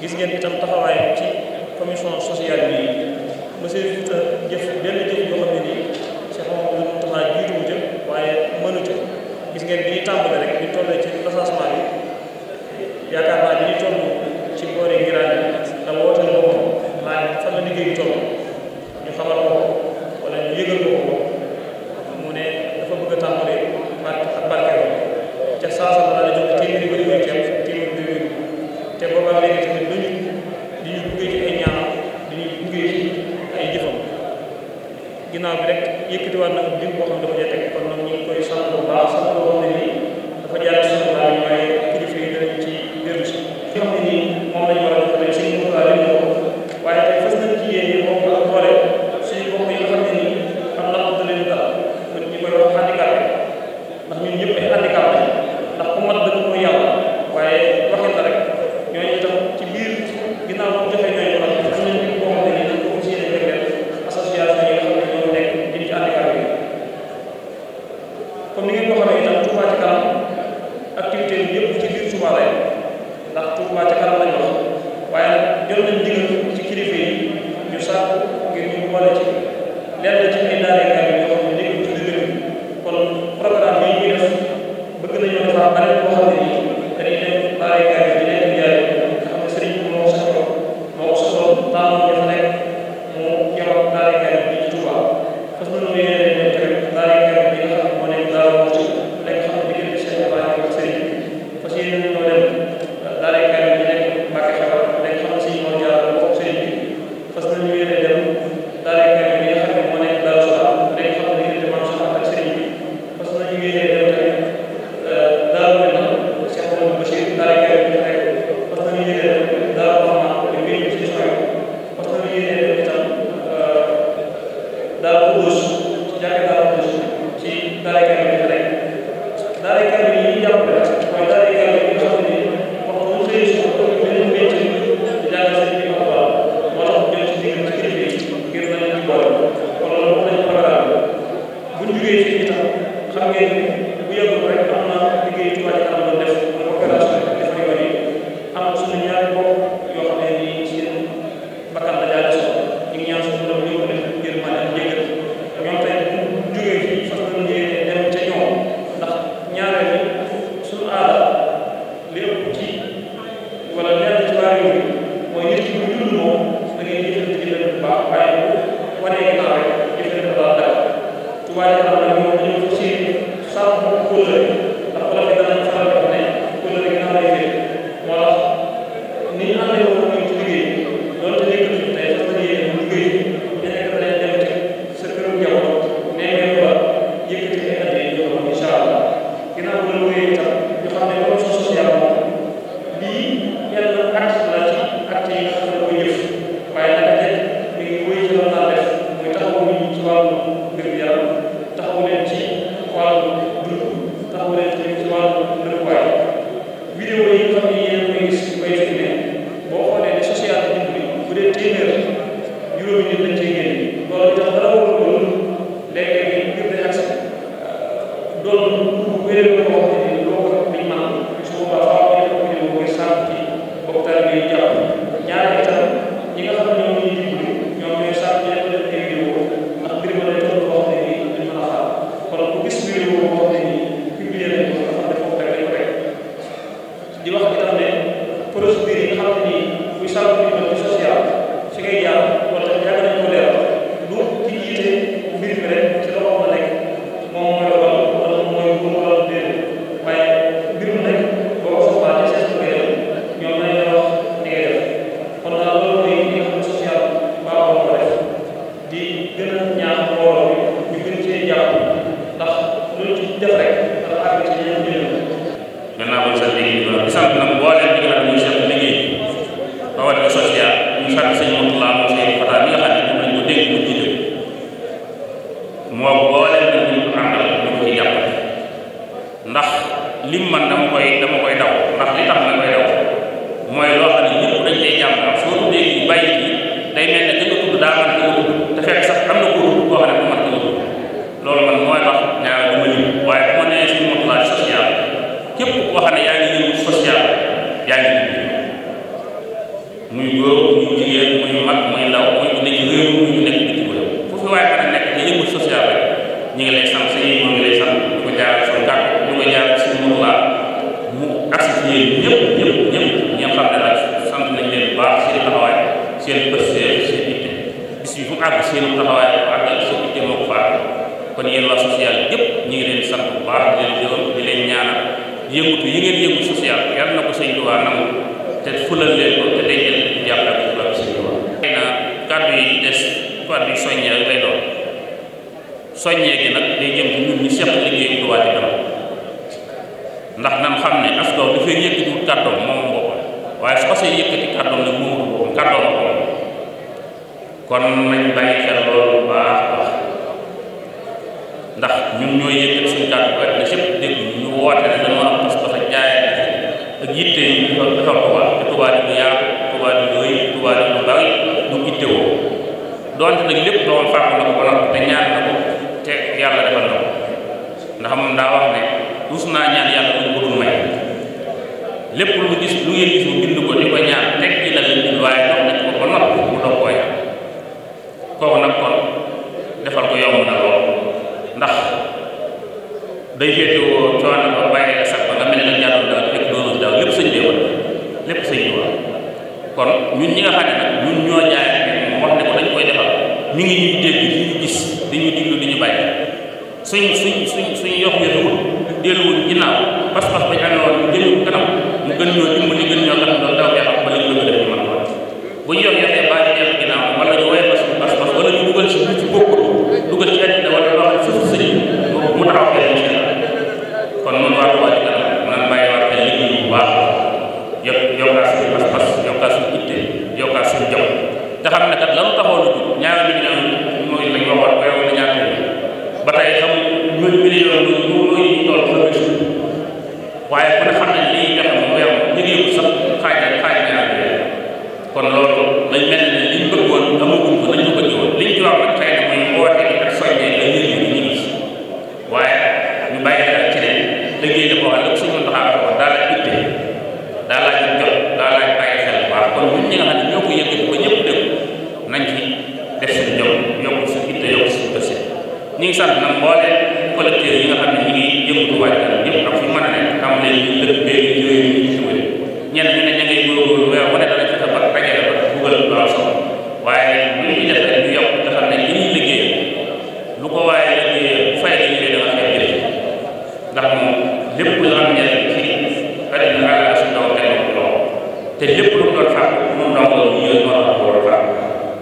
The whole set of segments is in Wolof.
gis ngeen itam taxawaayam ci commission sociale bi monsieur Fouta jëf benn jëf yoo xam ne nii Cheikh Mamadou Moustapha jiitu wu ca waaye mënu ca gis ngeen bi ñuy tàmbali rek ñu tollee ci recensement bi yaakaar ndax Touba ca kanam lañ wax waaye nag jël nañ digal ci kilifa yi ñu sàkku ngir ñu boole ci lenn ci ay daara kaay yi yoo xam ne léegi ci dëgg kon programme yi ñuy def bëgg nañoo defar beneen boo xam waaye man dama koy dama koy daw ndax li koy daw mooy loo xam ne ñëpp dañ koy jàng soo tuddee ñu bàyyi bi day mel ne dëgg daa man dëgg tudd te fekk sax am na ko tudd koo xam ne bu man dëgg tudd loolu man mooy wax ñaar dama lim waaye bu ma nee suñu motuwaay social képp koo xam ne yaa ngi àgg seenu taxawaay ko àggal seen itte moo ko fa àgg kon yéen social yëpp ñu ngi leen sant bu baax di leen jëloon di leen ñaanal yëngutu yi ngeen yëngu social yàlla na ko sëñ Tuubaa nangu te fulal leen ko te day jël jàppale ko fulal na soññee rek lay doon soññee gi nag day jëm ci ñun ñu seq liggéey bu Touba Ca Kanam ndax nan xam ne as doom dafay yëkkati kàddoom moom boppam waaye su xasee yëkkati kàddoom nag kon nañ bàyyi xel loolu baax baax ndax ñun ñooy yëkkati suñu kàddu ba àddina sépp dégg ñu woote ne dañoo am parce que ko waa te tubaab yi du yaatu tubaab yi du nag lépp doon fàggu na ko ba te ñaan na te yàlla defal ndax moom daa wax ne ruus naa ñaan yàlla duñ ko dul may lépp lu gis lu ngeen gis mu bind ko di ko ñaan teg ci la leen waaye kooku nag kon defal ko yomb na lool ndax day féete woo coono ba bàyyi la sax ba nga mel ne nag jaaroon lépp doonul daaw lépp lépp sëñ bi kon ñun ñi nga xam ne nag ñun ñoo jaay wax ne ko dañ koy defal mi ngi ñuy di ñu gis di ñu di ñu bàyyi suñ suñ suñ suñ yokk yëngu delluwul ginnaaw pas-pas bañ amee woon mu gën ñu kanam mu gën ñoo dimbali gën ñoo kanam te xam ne kat la mu taxoon a jóg ñaawal bi ñu gërëm lu am solo waaye bu ñu def rek ñu yokk nga xam ne li ñuy liggéey lu ko waaye liggéey bu fay dañu leen dafa fay jëlee ndax moom lépp lu am njëriñ ci àddina ak suñu ndaw kenn ku lool te lépp lu mu doon fàq moom ndaw la ñu yëg noonu ko doon fàq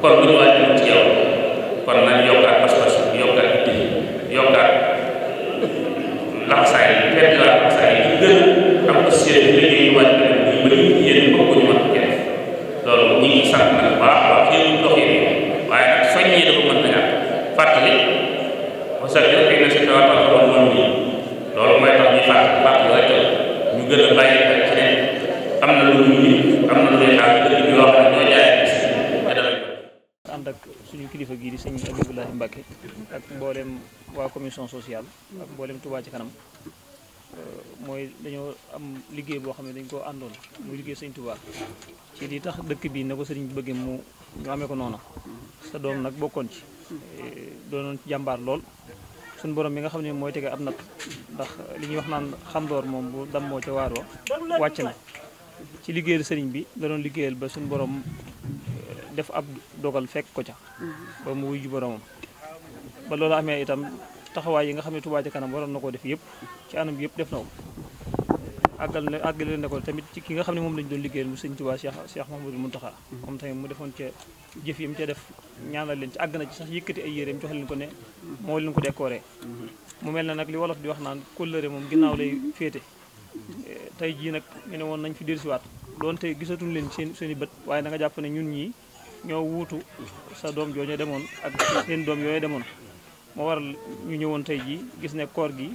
kon bu ñu wàññi ci yow kon nañ yokkaat pas-pas yokkaat itte yokkaat laxasaay yi fekk laxasaay yi gën am ko séeréer liggéey yu wàññi ñu bëri loolu ñu sant nag bu baax waaw fii ñu doxee waaye nag soññee dafa mën na ñàkk na si tawaat ak nii am na lu ne ñoo jaay suñu kilifa gii di sëñ Abibulahi Mbàkke ak mboolem waa commission ci kanam euh, mooy dañoo am liggéey boo xam ne dañ koo àndoon muy liggéey sëñ Touba ci li tax dëkk bi na ko sëriñ bi bëggee mu nga amee ko noona sa doom nag bokkoon ci eh, doonoon ci jàmbaar lool suñ borom bi nga xam ne mooy tege ab natt ndax li ñuy wax naan xamdoor moom bu dammoo ca waar wa wàcc na ci liggéeyal sëriñ bi da doon liggéeyal ba suñ boroom eh, def ab dogal fekk ko ca ba mu wuyu boromam ba loolu amee itam taxawaay yi nga xam ne Touba ca kanam waroon na koo def yëpp ci anam bi yëpp def na ko àggal na àggale na ko tamit ki nga xam ne moom lañ doon liggéeyal mu sëñ Tuubaa Cheikh Cheikh Mouhamadou Mountakha moom tamit mu defoon ca jëf yi mu ca na ci sax yëkkati ay yéreem jox leen ko ne moo leen ko décoré mu mel na nag li wolof di wax naan kóllëre moom ginnaaw lay féete tey ji nag ñu ne woon nañ fi dell dellusiwaat doonte gisatuñ leen seen seen bët waaye da nga jàpp ne ñun ñi ñoo wuutu sa doom jooju demoon ak seen doom yooyu demoon moo waral ñu ñëwoon tey jii gis ne koor gi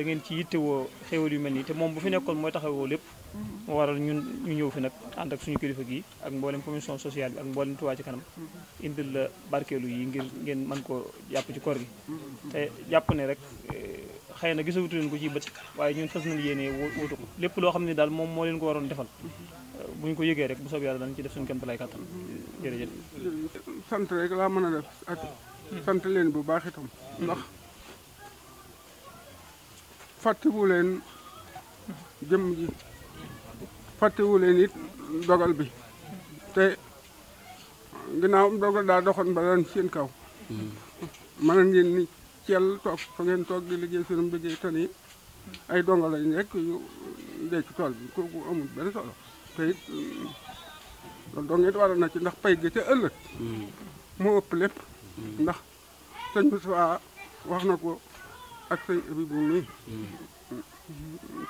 da ngeen ci yittewoo xéwal yu mel nii te moom bu fi nekkoon mooy taxawoo lépp moo mm-hmm. waral ñun ñëw fi nag ànd ak suñu kilifa gi ak mboolem commission sociale bi ak mboolem Touba ci kanam mm-hmm. indil la barkeelu yi ngir ngeen man koo jàpp ci koor gi mm-hmm. te jàpp ne rek eh, xëy na gisawutu leen ko ci bët waaye ñun fas nañ lépp loo xam ne daal moom moo leen ko waroon defal bu ko yëgee rek bu soob yàlla dañ ci def suñu kéem lay kàttan jërëjëf sant rek a sant leen bu baax itam ndax fàttewu leen jëmm ji fàttewu leen it dogal bi te ginnaaw dogal daa doxoon ba daan seen kaw mën ngeen ni ceel toog fa ngeen toog di liggéey sunu liggéey te ni ay donga lañ rek yu dee tool bi kooku amul benn solo te it loolu dong it waral na ci ndax pay gi ca ëllëg mm. moo ëpp lépp mm. ndax sëñ Moussa wax na ko ak say bi bu mii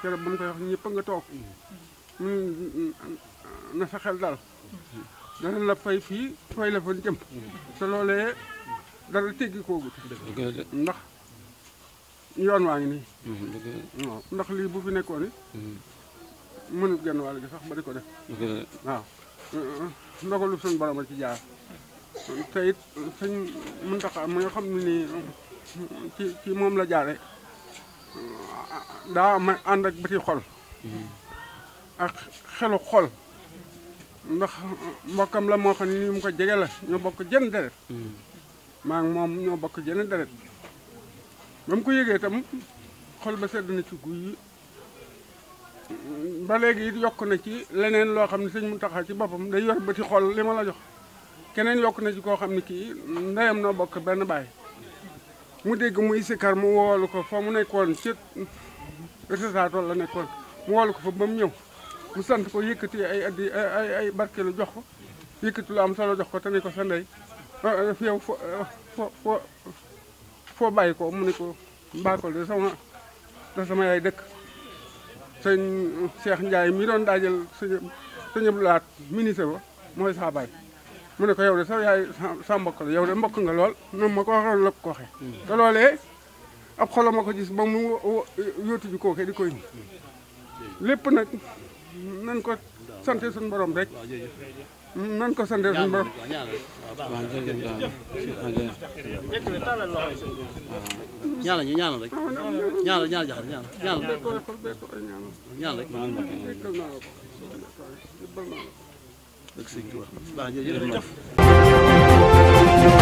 keroog ba mu koy wax ñëpp nga toog mun na sa xel dal dana la fay fii fay la fa jëm te loolee dara teggi koogut ndax yoon waa ngi nii ndax lii bu fi nekkoon it hmm. mënut genn wàll gi sax ba di ko def waaw ndogalu suñu borom a ci jaar te it sëñ Muntaxa mu nga xam ne nii ci ci moom la jaare daa am ànd ak bëti xol ak xelu xol ndax mbokkam la moo xam ne ni mu ko jege la ñoo bokk jenn deret maa ngi moom ñoo bokk jenn deret ba mu ko yëgee tam xol ba sedd na ci guy ba léegi it yokk na ci leneen loo xam ne sëñ Muntaxa ci boppam day yor bëti xol li ma la jox keneen yokk na ci koo xam ne kii ndeyam noo bokk benn baay mu dégg muy sikar mu woolu ko fa mu nekkoon ci résultat la nekkoon mu woolu ko fa ba mu ñëw mu sant ko yëkkati ay addi ay ay barkeelu jox ko yëkkati lu am solo jox ko te ne ko sa ndey fi yow fo fo foo bàyyi ko mu ne ko mbaakol de sama da sama yaay dëkk sëñ Cheikh Ndiaye mi doon daajal sëñ sëñ Abdoulaat ministre ba mooy saa baay mu ne ko yow de sa mbokk la yow de mbokk nga lool noonu ma ko waxoon la ko waxee te loolee ab xolam ma ko gis ba mu yóotu ji kooke di koy ni lépp nag nan ko sante suñu borom rek nan ko sante suñu borom ñu ñaanal rek ñaanal ñaanal jaxal ñaanal ñaanal rek dëgg sëñ Tuubaa